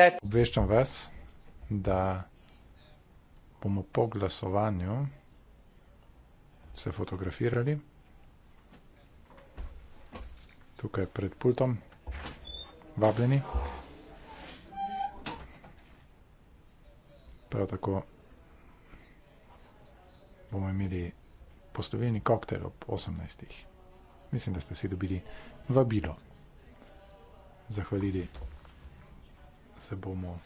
Obveščam vas, da bomo po glasovanju se fotografirali tukaj pred pultom, vabljeni. Prav tako bomo imeli poslovilni koktejl ob 18. Mislim, da ste vsi dobili vabilo zahvalili. Se bomo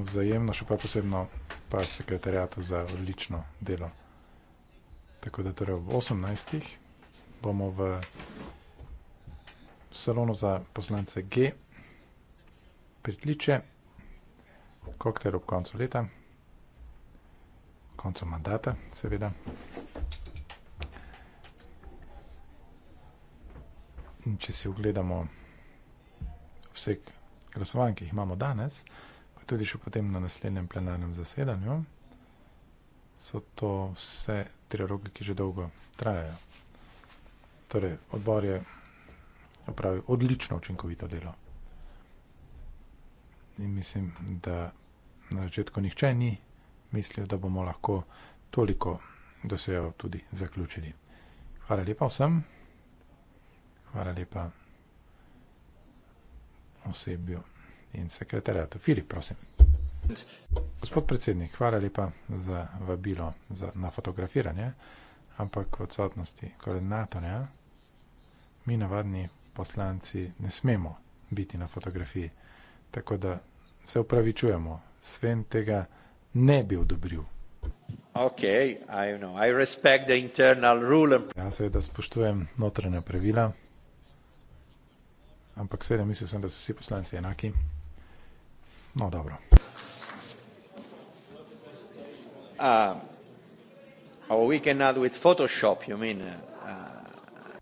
vzajemno, še pa posebno pa sekretarjatu za odlično delo. Tako da torej ob 18. bomo v salonu za poslance G pritliče koktejl ob koncu leta, koncu mandata seveda. In če si ogledamo obseg glasovanj, ki jih imamo danes, pa tudi še potem na naslednjem plenarnem zasedanju, so to vse tri roke, ki že dolgo trajajo. Torej, odbor je opravil odlično učinkovito delo. In mislim, da na začetku nihče ni mislil, da bomo lahko toliko dosejo tudi zaključili. Hvala lepa vsem. Hvala lepa osebju in sekretarjatu. Filip, prosim. Gospod predsednik, hvala lepa za vabilo za, na fotografiranje, ampak v odsotnosti koordinatorja mi navadni poslanci ne smemo biti na fotografiji. Tako da se upravičujemo, Sven tega ne bi odobril. Ok, I know. I respect the internal rule. Ja, seveda spoštujem notranja pravila. Ampak seveda mislim, sem, da so vsi poslanci enaki. No, dobro. Uh, oh, uh, uh,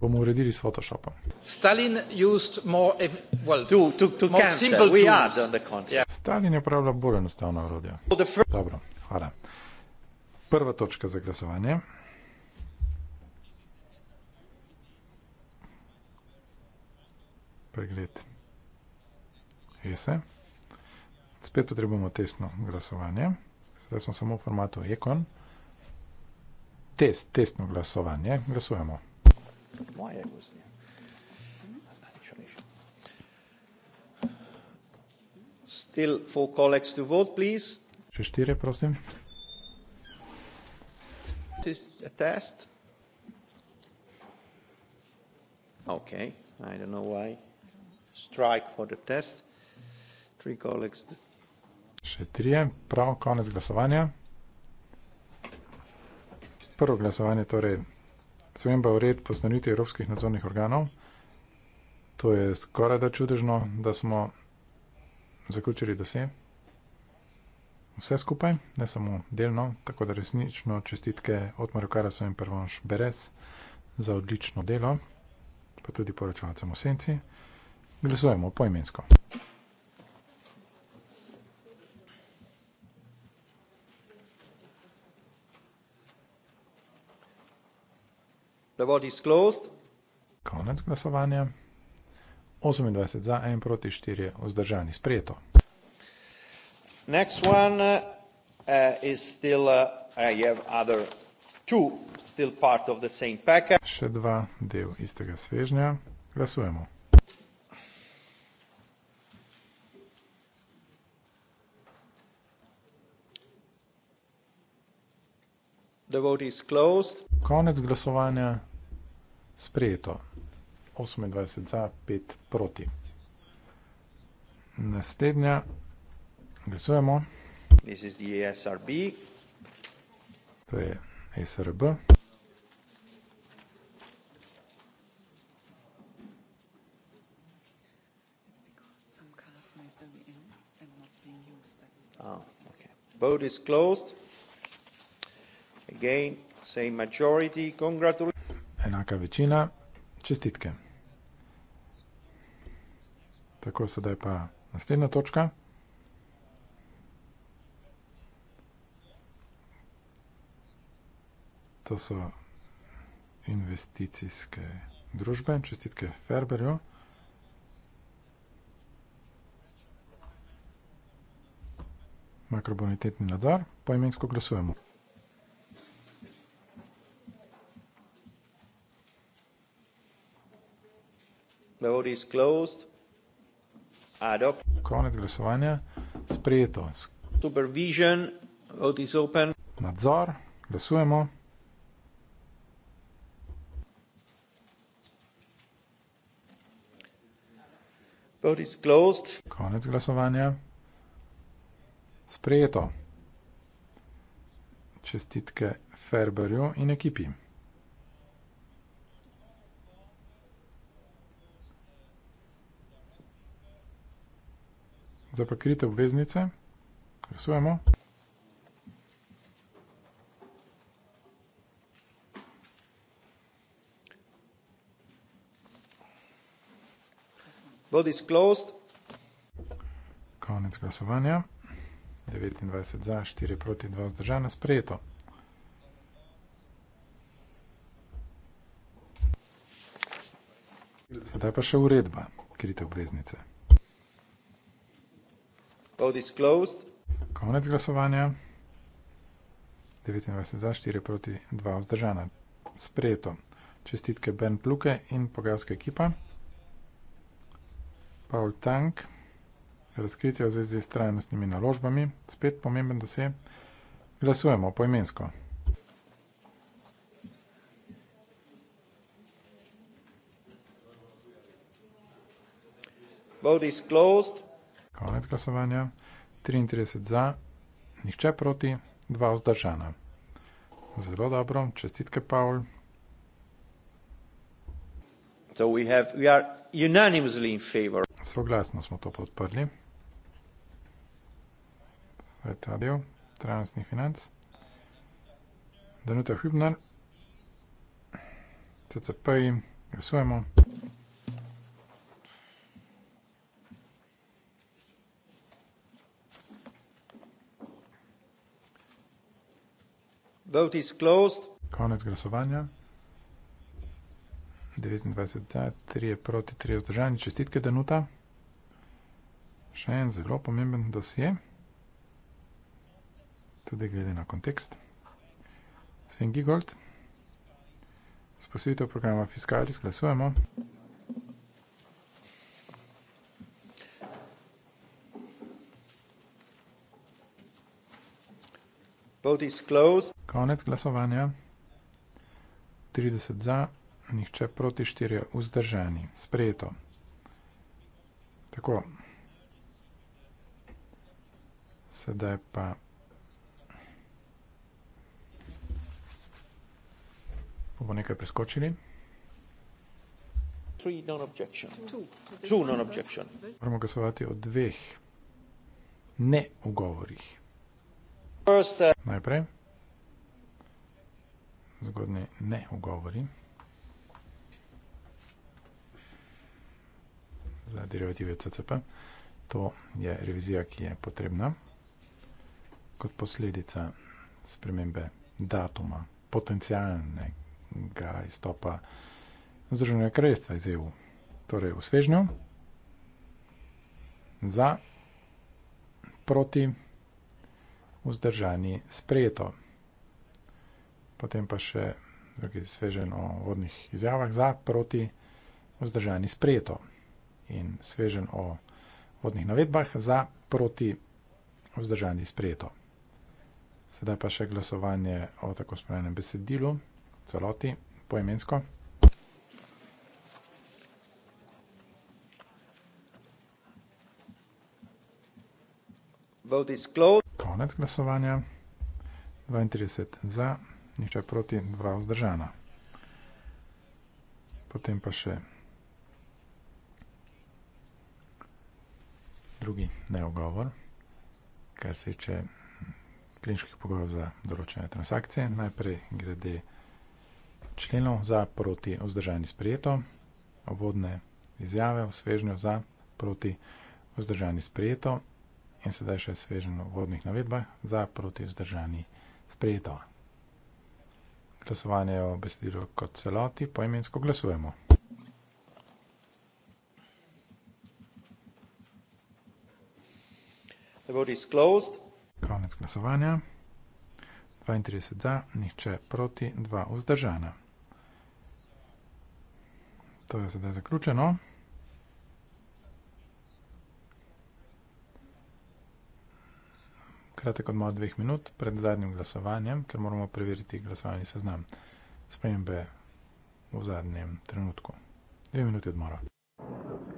bomo uredili s Photoshopom. Stalin, more, well, to, to, to yeah. Stalin je uporabljal bolj enostavno orodje. First... Dobro, hvala. Prva točka za glasovanje. pregled ESE. Spet potrebujemo testno glasovanje. Zdaj smo samo v formatu ECON. Test, testno glasovanje. Glasujemo. Moje gusnje. Still four colleagues to vote, please. Še štire, prosim. Test, a test. Okay, I don't know why strike for the test. Three colleagues. Še trije, prav, konec glasovanja. Prvo glasovanje, torej sprememba ured postanovitev evropskih nadzornih organov. To je skoraj da čudežno, da smo zaključili dose. Vse skupaj, ne samo delno, tako da resnično čestitke Otmaru Karasu in Prvonš Berez za odlično delo, pa tudi poročevalcem v senci. Glasujemo poimensko. Konec glasovanja. 28 za, 1 proti 4 vzdržani sprejeto. Next one uh, uh is still, uh, I uh, have other two still part of the same package. Še dva del istega svežnja. Glasujemo. Konec glasovanja sprejeto. 28 za, 5 proti. Naslednja. Glasujemo. This is the SRB. To je SRB. Ah, vote is closed. Again, same majority. Enaka večina, čestitke. Tako sedaj pa naslednja točka. To so investicijske družbe, čestitke Ferberju. Makrobonitetni nadzor, poimensko glasujemo. Konec glasovanja. Sprejeto. Supervision. Vote is open. Nadzor. Glasujemo. Vote is closed. Konec glasovanja. Sprejeto. Čestitke Ferberju in ekipi. Zdaj pa krite obveznice. Glasujemo. Vote is closed. Konec glasovanja. 29 za, 4 proti, 2 vzdržana, sprejeto. Sedaj pa še uredba, krite obveznice. Konec glasovanja. 29 za 4 proti 2 vzdržana. Sprejeto. Čestitke Ben Pluke in pogajalska ekipa. Paul Tank. Razkritje v zvezi s trajnostnimi naložbami. Spet pomemben dosje. Glasujemo poimensko. Vote is closed. Konec glasovanja. 33 za, nihče proti, dva vzdržana. Zelo dobro, čestitke, Paul. So we have, we are unanimously in favor. Soglasno smo to podprli. Zdaj ta del, transni financ. Danuta Hübner, CCP, glasujemo. Vote is closed. Konec glasovanja. 29 za, 3 proti, 3 vzdržani. Čestitke, Danuta. Še en zelo pomemben dosje. Tudi glede na kontekst. Sven Gigold. Sposvitev programa Fiskalis. Glasujemo. Vote is closed. Konec glasovanja. 30 za, nihče proti 4 vzdržani. Sprejeto. Tako. Sedaj pa. Bomo nekaj preskočili. Moramo glasovati o dveh ne ugovorih. Uh, Najprej zgodne ne ugovori. za derivative CCP. To je revizija, ki je potrebna kot posledica spremembe datuma potencijalnega izstopa Združenega kraljestva iz EU, torej v svežnju, za proti vzdržani sprejeto vzdržanje potem pa še drugi svežen o vodnih izjavah za, proti, vzdržani sprejeto in svežen o vodnih navedbah za, proti, vzdržani sprejeto. Sedaj pa še glasovanje o tako spremenem besedilu, celoti, poemensko. Konec glasovanja. 32 za. Nihče proti, dva vzdržana. Potem pa še drugi neogovor, kar se tiče kliničkih pogojev za določene transakcije. Najprej glede členov za proti vzdržani sprejeto, ovodne izjave v svežnju za proti vzdržani sprejeto in sedaj še svežen v vodnih navedbah za proti vzdržani sprejeto glasovanje o besedilu kot celoti, poimensko glasujemo. Konec glasovanja. 32 za, nihče proti, 2 vzdržana. To je zdaj zaključeno. kratek odmor dveh minut pred zadnjim glasovanjem, ker moramo preveriti glasovalni seznam. Spremembe v zadnjem trenutku. Dve minuti odmora. Thank you.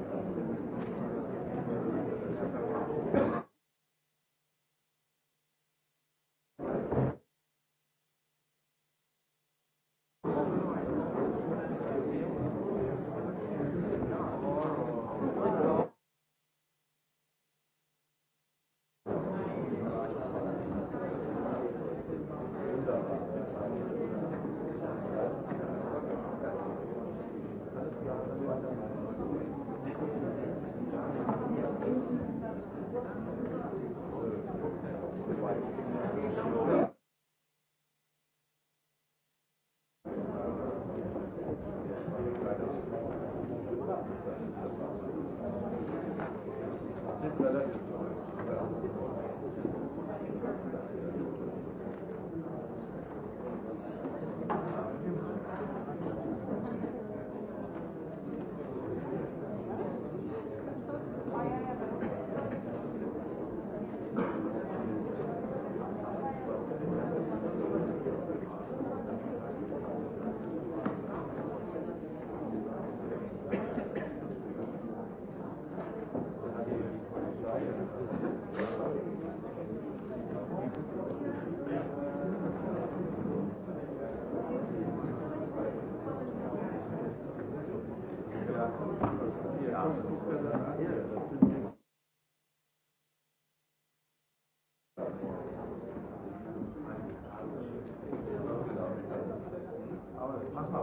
ملائكة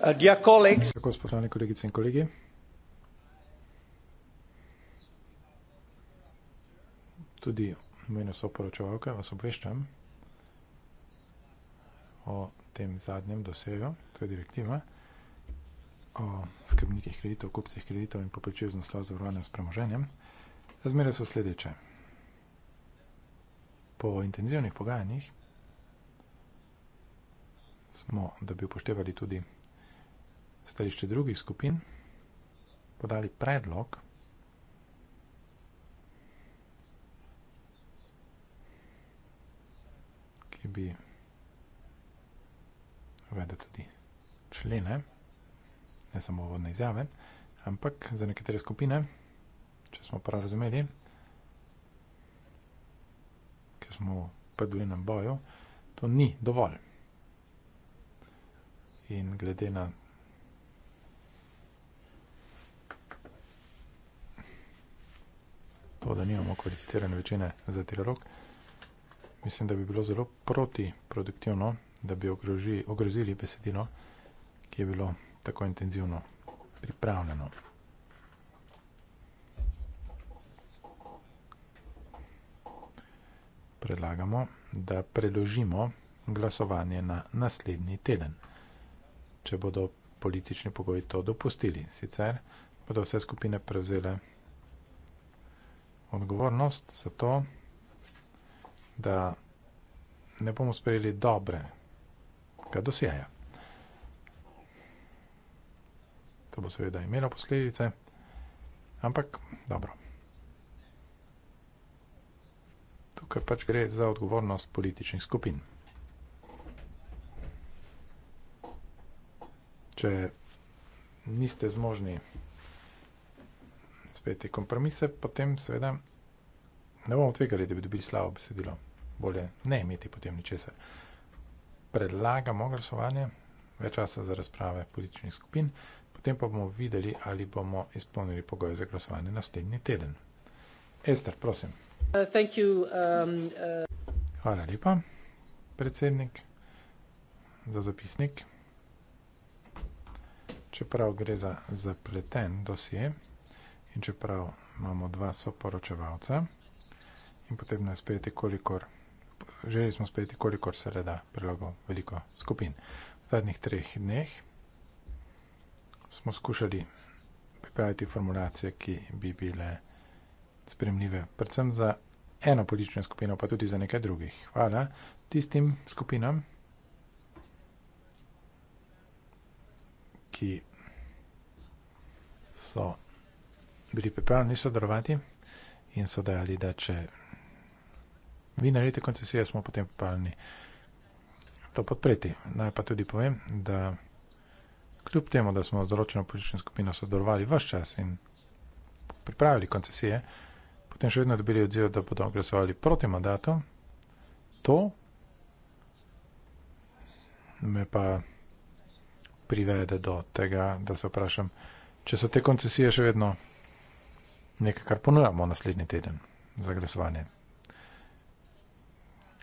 Uh, Tako, spoštovani kolegice in kolegi. Tudi meni so poročevalke, vas obveščam o tem zadnjem dosegu, to je direktiva o skrbnikih kreditov, kupcih kreditov in poprečju z naslova zavarovanja s premoženjem, razmere so sledeče. Po intenzivnih pogajanjih smo, da bi upoštevali tudi stališče drugih skupin, podali predlog, ki bi uvedel tudi člene, ne samo vodne izjave, ampak za nekatere skupine, če smo prav razumeli, ki smo v predvoljenem boju, to ni dovolj. In glede na to, da nimamo kvalificirane večine za trilog, mislim, da bi bilo zelo protiproduktivno, da bi ogrozili besedino, ki je bilo vsega tako intenzivno pripravljeno. Predlagamo, da preložimo glasovanje na naslednji teden, če bodo politični pogoji to dopustili. Sicer bodo vse skupine prevzele odgovornost za to, da ne bomo sprejeli dobre, kaj dosijajo. To bo seveda imelo posledice, ampak dobro. Tukaj pač gre za odgovornost političnih skupin. Če niste zmožni speti kompromise, potem seveda ne bomo tvegali, da bi dobili slabo besedilo. Bolje ne imeti potem ničesar. Predlagamo glasovanje, več časa za razprave političnih skupin, Potem pa bomo videli, ali bomo izpolnili pogoje za glasovanje naslednji teden. Ester, prosim. Uh, um, uh. Hvala lepa, predsednik, za zapisnik. Čeprav gre za zapleten dosje in čeprav imamo dva soporočevalca in potrebno je spejeti kolikor, želi smo spejeti kolikor se le da prilogo veliko skupin. V zadnjih treh dneh smo skušali pripraviti formulacije, ki bi bile spremljive, predvsem za eno politično skupino, pa tudi za nekaj drugih. Hvala tistim skupinam, ki so bili pripravljeni sodelovati in so dejali, da če vi naredite koncesije, smo potem pripravljeni to podpreti. Naj pa tudi povem, da kljub temu, da smo z določeno politično skupino sodelovali vse čas in pripravili koncesije, potem še vedno dobili odziv, da bodo glasovali proti mandatu. To me pa privede do tega, da se vprašam, če so te koncesije še vedno nekaj, kar ponujamo naslednji teden za glasovanje.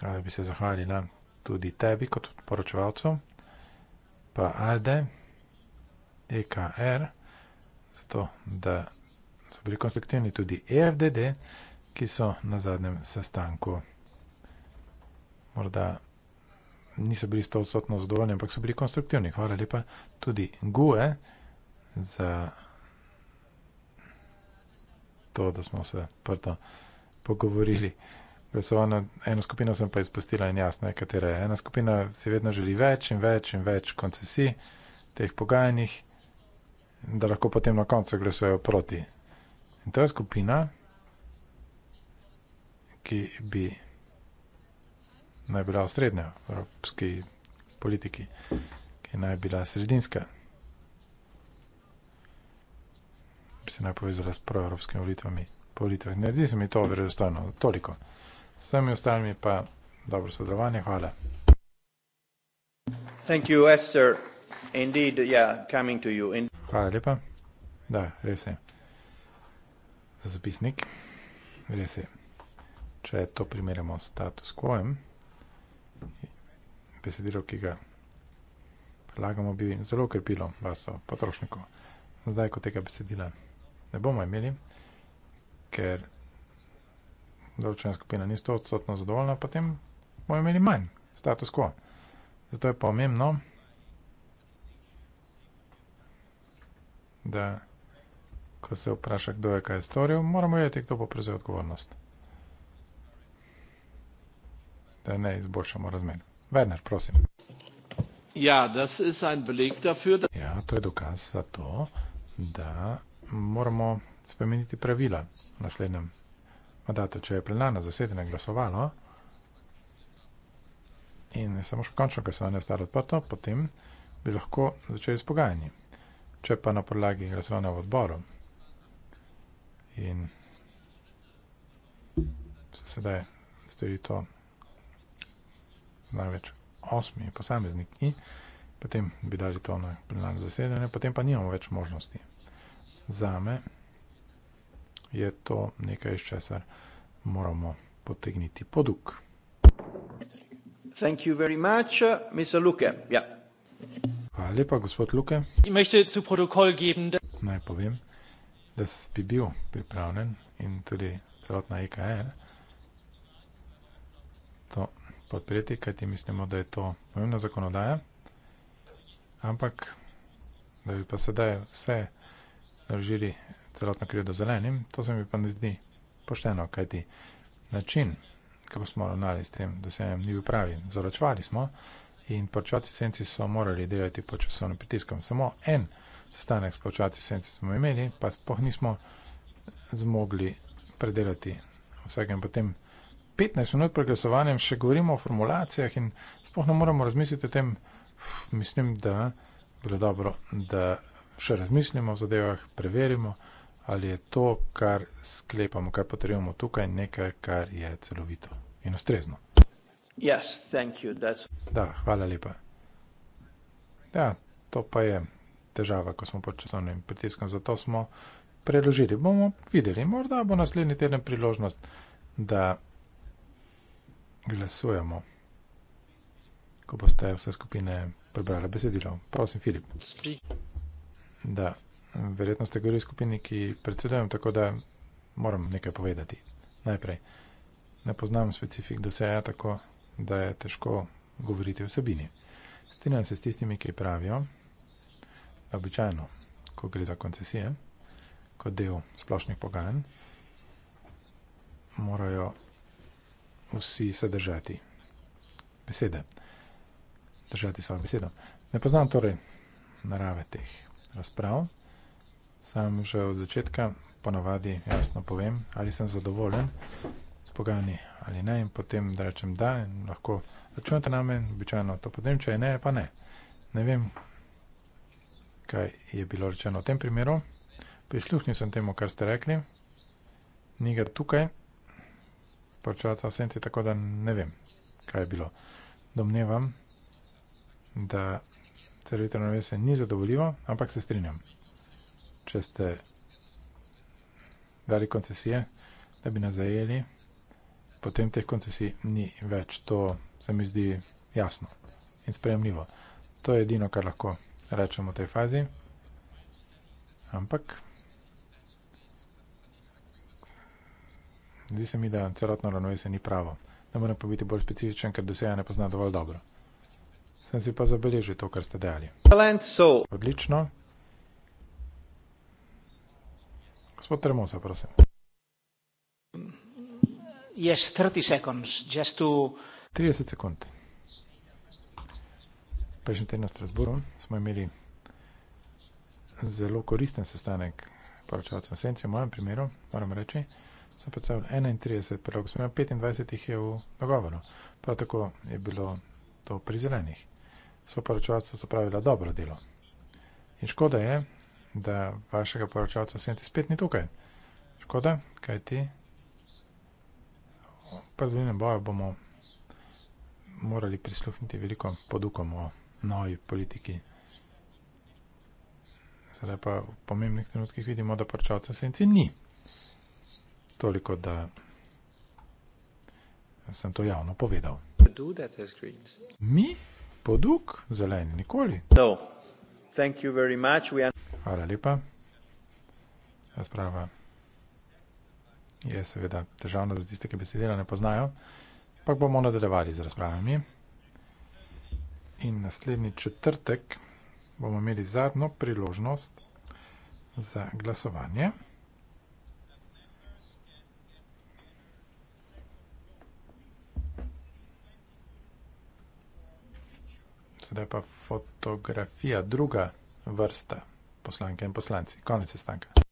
Ali bi se zahvalila tudi tebi kot poročevalcu, pa Alde. EKR, zato da so bili konstruktivni tudi EFDD, ki so na zadnjem sestanku morda niso bili 100% zadovoljni, ampak so bili konstruktivni. Hvala lepa tudi GUE za to, da smo se prto pogovorili. Glasovano, eno skupino sem pa izpustila in jasno je, katera je. Ena skupina si vedno želi več in več in več koncesij teh pogajanjih in da lahko potem na koncu glasujejo proti. In to je skupina, ki bi naj bila v srednjo evropski politiki, ki naj bila sredinska, bi se naj povezala s proevropskimi volitvami. Politvah. Ne zdi se mi to verodostojno, toliko. S vsemi ostalimi pa dobro sodelovanje, hvala. Thank you, Esther. Indeed, yeah, coming to you. Indeed. Hvala lepa. Da, res je. Za zapisnik. Res je. Če to primerjamo s status quo-em, besedilo, ki ga prelagamo, bi zelo krepilo vaso potrošniko. Zdaj, ko tega besedila ne bomo imeli, ker določena skupina ni 100% zadovoljna, potem bomo imeli manj status quo. Zato je pomembno, da je to pomembno, da ko se vpraša, kdo je kaj storil, moramo vedeti, kdo bo prevzel odgovornost. Da ne izboljšamo razmer. Werner, prosim. Ja, das ist ein Beleg dafür, da... ja, to je dokaz za to, da moramo spremeniti pravila v naslednjem mandatu, če je plenarno zasedanje glasovalo in je samo še končno glasovanje ostalo odprto, potem bi lahko začeli s pogajanji če pa na podlagi glasovanja v odboru in se sedaj stori to največ osmi posameznik i, potem bi dali to na plenarno zasedanje, potem pa nimamo več možnosti. Zame je to nekaj, iz česar moramo potegniti poduk. Thank you very much, Mr. Luke. Yeah. Ja. Hvala lepa, gospod Luke. Naj povem, da bi bil pripravljen in tudi celotna EKR to podpreti, kajti mislimo, da je to pomembna zakonodaja. Ampak, da bi pa sedaj vse naložili celotno krivdo zelenim, to se mi pa ne zdi pošteno, kajti način, kako smo ravnali s tem dosejem, ni bil pravi. Zaračvali smo in plačati senci so morali delati pod časovnim pritiskom. Samo en sestanek s plačati senci smo imeli, pa spoh nismo zmogli predelati vsega in potem 15 minut pred glasovanjem še govorimo o formulacijah in spoh ne moramo razmisliti o tem, Uf, mislim, da bi bilo dobro, da še razmislimo o zadevah, preverimo, ali je to, kar sklepamo, kar potrebujemo tukaj, nekaj, kar je celovito in ustrezno. Yes, you, da, hvala lepa. Da, ja, to pa je težava, ko smo pod časovnim pritiskom, zato smo preložili. Bomo videli, morda bo naslednji teden priložnost, da glasujemo, ko boste vse skupine prebrali besedilo. Prosim, Filip. Da, verjetno ste govorili skupini, ki predsedujem, tako da moram nekaj povedati. Najprej, ne poznam specifik, da se je tako da je težko govoriti osebini. Strinjam se s tistimi, ki pravijo, da običajno, ko gre za koncesije, kot del splošnih pogajanj, morajo vsi se držati besede, držati svojo besedo. Ne poznam torej narave teh razprav, sam že od začetka ponavadi jasno povem, ali sem zadovoljen spogani ali ne in potem, da rečem da in lahko računate na men, običajno to potem, če je ne, pa ne. Ne vem, kaj je bilo rečeno v tem primeru. Prisluhnil sem temu, kar ste rekli. Ni ga tukaj. Poročevalca v senci, tako da ne vem, kaj je bilo. Domnevam, da celovito ravnovesje ni zadovoljivo, ampak se strinjam. Če ste dali koncesije, da bi nas zajeli, potem teh koncesij ni več. To se mi zdi jasno in sprejemljivo. To je edino, kar lahko rečemo v tej fazi. Ampak, zdi se mi, da celotno ravnovesje ni pravo. Da moram pa biti bolj specifičen, ker doseja ne pozna dovolj dobro. Sem si pa zabeležil to, kar ste dejali. Odlično. Gospod Tremosa, prosim. Yes, 30 seconds. Just to... 30 sekund. Prejšnji teden na Strasburu smo imeli zelo koristen sestanek poročevalcev v Senci, v mojem primeru, moram reči, sem predstavljal 31 prilog, sem imel 25 jih je v dogovoru. Prav tako je bilo to pri zelenih. So poročevalcev so pravila dobro delo. In škoda je, da vašega poročevalca v Senci spet ni tukaj. Škoda, kaj ti? predvoljenem boju bomo morali prisluhniti veliko podukom o novi politiki. Zdaj pa v pomembnih trenutkih vidimo, da parčalca senci ni. Toliko, da sem to javno povedal. Mi, poduk, zeleni, nikoli. No, Hvala lepa. Razprava je seveda težavno za tiste, ki besedila ne poznajo. Pa bomo nadaljevali z razpravami. In naslednji četrtek bomo imeli zadnjo priložnost za glasovanje. Sedaj pa fotografija, druga vrsta poslanke in poslanci. Konec sestanka.